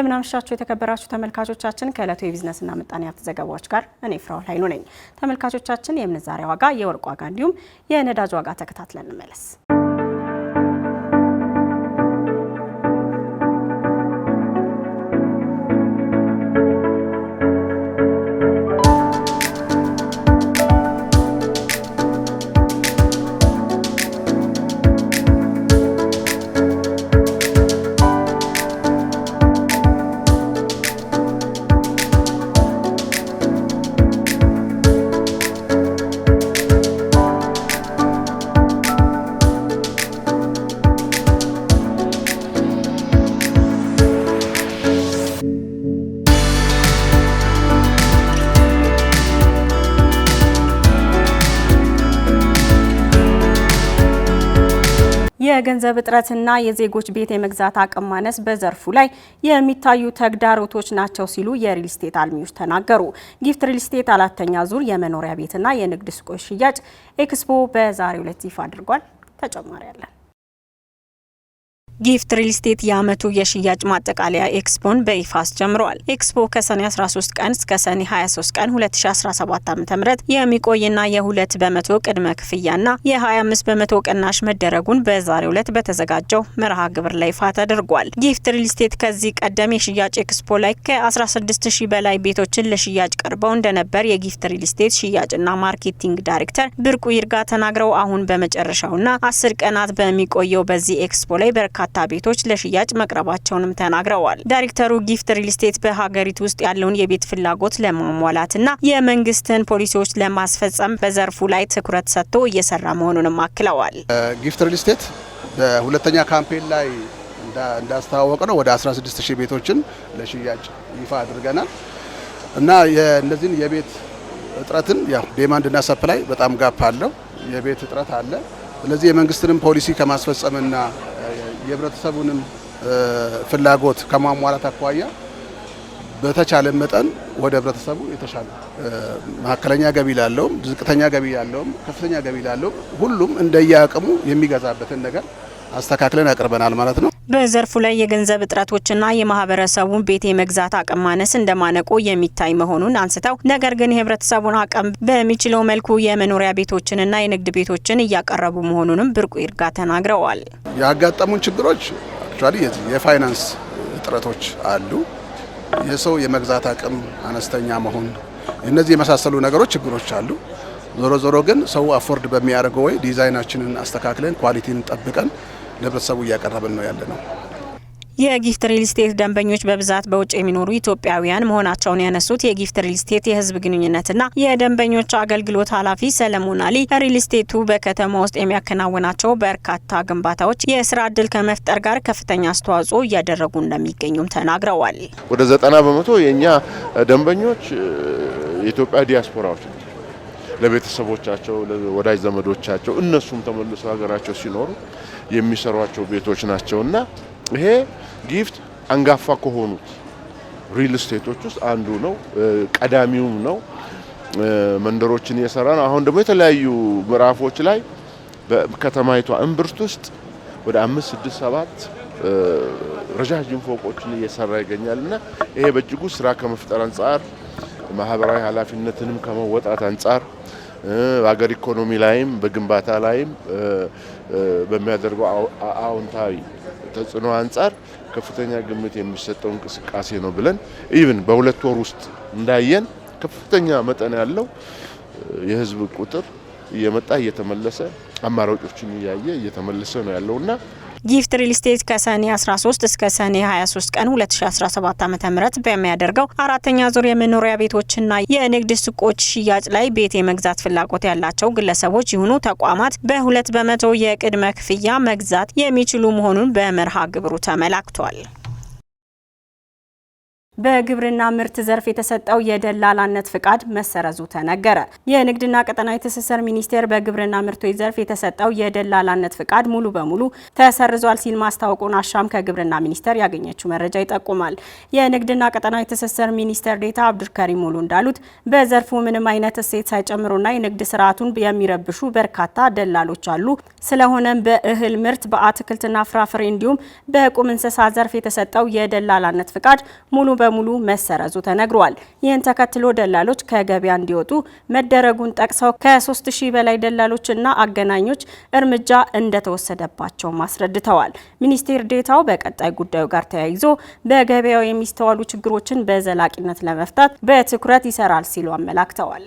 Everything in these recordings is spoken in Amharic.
እንደምናመሻችሁ የተከበራችሁ ተመልካቾቻችን ከእለቱ የቢዝነስና ምጣኔ ሀብት ዘገባዎች ጋር እኔ ፍራውል ኃይሉ ነኝ። ተመልካቾቻችን የምንዛሬ ዋጋ፣ የወርቅ ዋጋ እንዲሁም የነዳጅ ዋጋ ተከታትለን እንመለስ። የገንዘብ እጥረትና የዜጎች ቤት የመግዛት አቅም ማነስ በዘርፉ ላይ የሚታዩ ተግዳሮቶች ናቸው ሲሉ የሪል ስቴት አልሚዎች ተናገሩ። ጊፍት ሪል ስቴት አራተኛ ዙር የመኖሪያ ቤትና የንግድ ሱቆች ሽያጭ ኤክስፖ በዛሬው ዕለት ይፋ አድርጓል። ተጨማሪ አለን። ጊፍት ሪል ስቴት የዓመቱ የሽያጭ ማጠቃለያ ኤክስፖን በይፋ አስጀምረዋል። ኤክስፖ ከሰኔ 13 ቀን እስከ ሰኔ 23 ቀን 2017 ዓ.ም የሚቆይና የሁለት በመቶ ቅድመ ክፍያና የ25 በመቶ ቅናሽ መደረጉን በዛሬው ዕለት በተዘጋጀው መርሃ ግብር ላይ ይፋ ተደርጓል። ጊፍት ሪል ስቴት ከዚህ ቀደም የሽያጭ ኤክስፖ ላይ ከ16000 በላይ ቤቶችን ለሽያጭ ቀርበው እንደነበር የጊፍት ሪል ስቴት ሽያጭና ማርኬቲንግ ዳይሬክተር ብርቁ ይርጋ ተናግረው አሁን በመጨረሻውና አስር ቀናት በሚቆየው በዚህ ኤክስፖ ላይ በርካታ በርካታ ቤቶች ለሽያጭ መቅረባቸውንም ተናግረዋል። ዳይሬክተሩ ጊፍት ሪል ስቴት በሀገሪቱ ውስጥ ያለውን የቤት ፍላጎት ለማሟላትና የመንግስትን ፖሊሲዎች ለማስፈጸም በዘርፉ ላይ ትኩረት ሰጥቶ እየሰራ መሆኑንም አክለዋል። ጊፍት ሪል ስቴት በሁለተኛ ካምፔን ላይ እንዳስተዋወቅ ነው ወደ 16 ሺህ ቤቶችን ለሽያጭ ይፋ አድርገናል እና እነዚህን የቤት እጥረትን ያው ዴማንድ እና ሰፕላይ በጣም ጋፕ አለው፣ የቤት እጥረት አለ። ስለዚህ የመንግስትንም ፖሊሲ ከማስፈጸምና የህብረተሰቡንም ፍላጎት ከማሟላት አኳያ በተቻለ መጠን ወደ ህብረተሰቡ የተሻለ መካከለኛ ገቢ ላለውም፣ ዝቅተኛ ገቢ ያለውም፣ ከፍተኛ ገቢ ላለውም ሁሉም እንደየአቅሙ የሚገዛበትን ነገር አስተካክለን ያቅርበናል ማለት ነው። በዘርፉ ላይ የገንዘብ እጥረቶችና የማህበረሰቡን ቤት የመግዛት አቅም ማነስ እንደማነቆ የሚታይ መሆኑን አንስተው ነገር ግን የህብረተሰቡን አቅም በሚችለው መልኩ የመኖሪያ ቤቶችንና የንግድ ቤቶችን እያቀረቡ መሆኑንም ብርቁ ይርጋ ተናግረዋል። ያጋጠሙን ችግሮች አክቹዋሊ የፋይናንስ እጥረቶች አሉ። የሰው የመግዛት አቅም አነስተኛ መሆን፣ እነዚህ የመሳሰሉ ነገሮች ችግሮች አሉ። ዞሮ ዞሮ ግን ሰው አፎርድ በሚያደርገው ወይ ዲዛይናችንን አስተካክለን ኳሊቲን ጠብቀን ለህብረተሰቡ እያቀረብን ነው ያለ ነው። የጊፍት ሪል ስቴት ደንበኞች በብዛት በውጭ የሚኖሩ ኢትዮጵያውያን መሆናቸውን ያነሱት የጊፍት ሪል ስቴት የህዝብ ግንኙነትና የደንበኞች አገልግሎት ኃላፊ ሰለሞን አሊ ሪል ስቴቱ በከተማ ውስጥ የሚያከናውናቸው በርካታ ግንባታዎች የስራ እድል ከመፍጠር ጋር ከፍተኛ አስተዋጽኦ እያደረጉ እንደሚገኙም ተናግረዋል። ወደ ዘጠና በመቶ የእኛ ደንበኞች የኢትዮጵያ ዲያስፖራዎች ነው። ለቤተሰቦቻቸው፣ ለወዳጅ ዘመዶቻቸው እነሱም ተመልሶ ሀገራቸው ሲኖሩ የሚሰሯቸው ቤቶች ናቸው እና ይሄ ጊፍት አንጋፋ ከሆኑት ሪል ስቴቶች ውስጥ አንዱ ነው፣ ቀዳሚውም ነው። መንደሮችን እየሰራ ነው። አሁን ደግሞ የተለያዩ ምዕራፎች ላይ በከተማይቷ እምብርት ውስጥ ወደ አምስት ስድስት ሰባት ረዣዥም ፎቆችን እየሰራ ይገኛል እና ይሄ በእጅጉ ስራ ከመፍጠር አንጻር ማህበራዊ ኃላፊነትንም ከመወጣት አንጻር በሀገር ኢኮኖሚ ላይም በግንባታ ላይም በሚያደርገው አዎንታዊ ተጽዕኖ አንጻር ከፍተኛ ግምት የሚሰጠው እንቅስቃሴ ነው ብለን ኢቭን በሁለት ወር ውስጥ እንዳየን ከፍተኛ መጠን ያለው የህዝብ ቁጥር እየመጣ እየተመለሰ አማራጮችን እያየ እየተመለሰ ነው ያለውና ጊፍት ሪል ስቴት ከሰኔ 13 እስከ ሰኔ 23 ቀን 2017 ዓ.ም በሚያደርገው አራተኛ ዙር የመኖሪያ ቤቶችና የንግድ ሱቆች ሽያጭ ላይ ቤት የመግዛት ፍላጎት ያላቸው ግለሰቦች ይሁኑ ተቋማት በሁለት በመቶ የቅድመ ክፍያ መግዛት የሚችሉ መሆኑን በመርሃ ግብሩ ተመላክቷል። በግብርና ምርት ዘርፍ የተሰጠው የደላላነት ፍቃድ መሰረዙ ተነገረ። የንግድና ቀጠናዊ ትስስር ሚኒስቴር በግብርና ምርቶች ዘርፍ የተሰጠው የደላላነት ፍቃድ ሙሉ በሙሉ ተሰርዟል ሲል ማስታወቁን አሻም ከግብርና ሚኒስቴር ያገኘችው መረጃ ይጠቁማል። የንግድና ቀጠናዊ ትስስር ሚኒስቴር ዴታ አብዱልከሪም ሙሉ እንዳሉት በዘርፉ ምንም አይነት እሴት ሳይጨምሩና የንግድ ስርዓቱን የሚረብሹ በርካታ ደላሎች አሉ። ስለሆነም በእህል ምርት፣ በአትክልትና ፍራፍሬ እንዲሁም በቁም እንስሳ ዘርፍ የተሰጠው የደላላነት ፍቃድ ሙሉ በሙሉ መሰረዙ ተነግሯል። ይህን ተከትሎ ደላሎች ከገበያ እንዲወጡ መደረጉን ጠቅሰው ከ3000 በላይ ደላሎችና አገናኞች እርምጃ እንደተወሰደባቸው አስረድተዋል። ሚኒስቴር ዴታው በቀጣይ ጉዳዩ ጋር ተያይዞ በገበያው የሚስተዋሉ ችግሮችን በዘላቂነት ለመፍታት በትኩረት ይሰራል ሲሉ አመላክተዋል።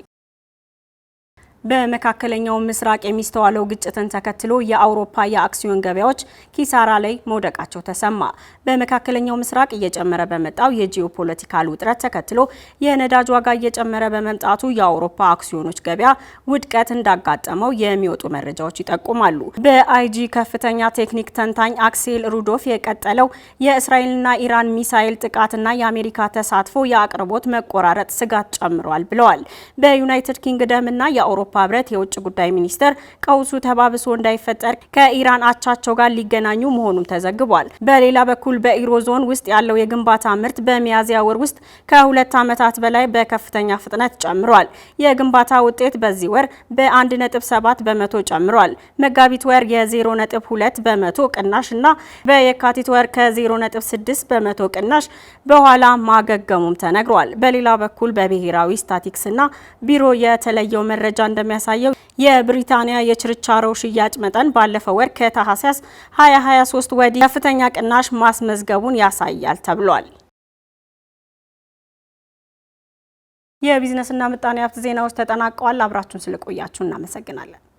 በመካከለኛው ምስራቅ የሚስተዋለው ግጭትን ተከትሎ የአውሮፓ የአክሲዮን ገበያዎች ኪሳራ ላይ መውደቃቸው ተሰማ። በመካከለኛው ምስራቅ እየጨመረ በመጣው የጂኦፖለቲካል ውጥረት ተከትሎ የነዳጅ ዋጋ እየጨመረ በመምጣቱ የአውሮፓ አክሲዮኖች ገበያ ውድቀት እንዳጋጠመው የሚወጡ መረጃዎች ይጠቁማሉ። በአይጂ ከፍተኛ ቴክኒክ ተንታኝ አክሴል ሩዶፍ የቀጠለው የእስራኤልና ኢራን ሚሳኤል ጥቃትና የአሜሪካ ተሳትፎ የአቅርቦት መቆራረጥ ስጋት ጨምሯል ብለዋል። በዩናይትድ ኪንግደም እና የአውሮ የአውሮፓ ህብረት የውጭ ጉዳይ ሚኒስትር ቀውሱ ተባብሶ እንዳይፈጠር ከኢራን አቻቸው ጋር ሊገናኙ መሆኑም ተዘግቧል። በሌላ በኩል በኢሮ ዞን ውስጥ ያለው የግንባታ ምርት በሚያዝያ ወር ውስጥ ከሁለት ዓመታት በላይ በከፍተኛ ፍጥነት ጨምሯል። የግንባታ ውጤት በዚህ ወር በ1.7 በመቶ ጨምሯል። መጋቢት ወር የ0.2 በመቶ ቅናሽ እና በየካቲት ወር ከ0.6 በመቶ ቅናሽ በኋላ ማገገሙም ተነግሯል። በሌላ በኩል በብሔራዊ ስታቲክስና ቢሮ የተለየው መረጃ እንደ እንደሚያሳየው የብሪታንያ የችርቻሮ ሽያጭ መጠን ባለፈው ወር ከታህሳስ 2023 ወዲህ ከፍተኛ ቅናሽ ማስመዝገቡን ያሳያል ተብሏል። የቢዝነስና ምጣኔ ሀብት ዜናዎች ተጠናቀዋል። አብራችሁን ስለቆያችሁ እናመሰግናለን።